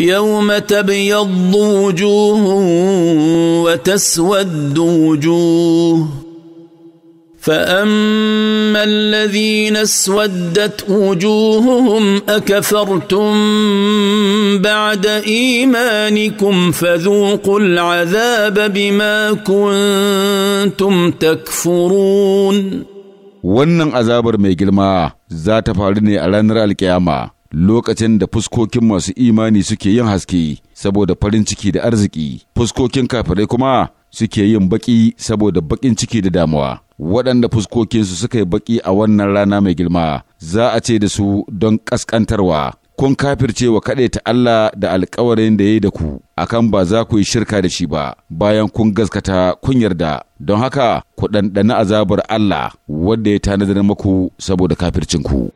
يوم تبيض وجوه وتسود وجوه فاما الذين اسودت وجوههم اكفرتم بعد ايمانكم فذوقوا العذاب بما كنتم تكفرون wannan azabar mai girma za ta faru ne a ranar alkiyama lokacin da fuskokin masu imani suke yin haske saboda farin ciki da arziki, fuskokin kafirai kuma suke yin baƙi saboda baƙin ciki da damuwa. Waɗanda fuskokinsu suka yi baki a wannan rana mai girma, za a ce da su don ƙasƙantarwa. kun kafirce wa ta Allah da alkawarin da ya yi da ku, akan ba za ku yi shirka da shi ba, bayan kun gaskata kun yarda, don haka ku ɗanɗana azabar Allah wadda ya tanadar muku saboda kafircinku.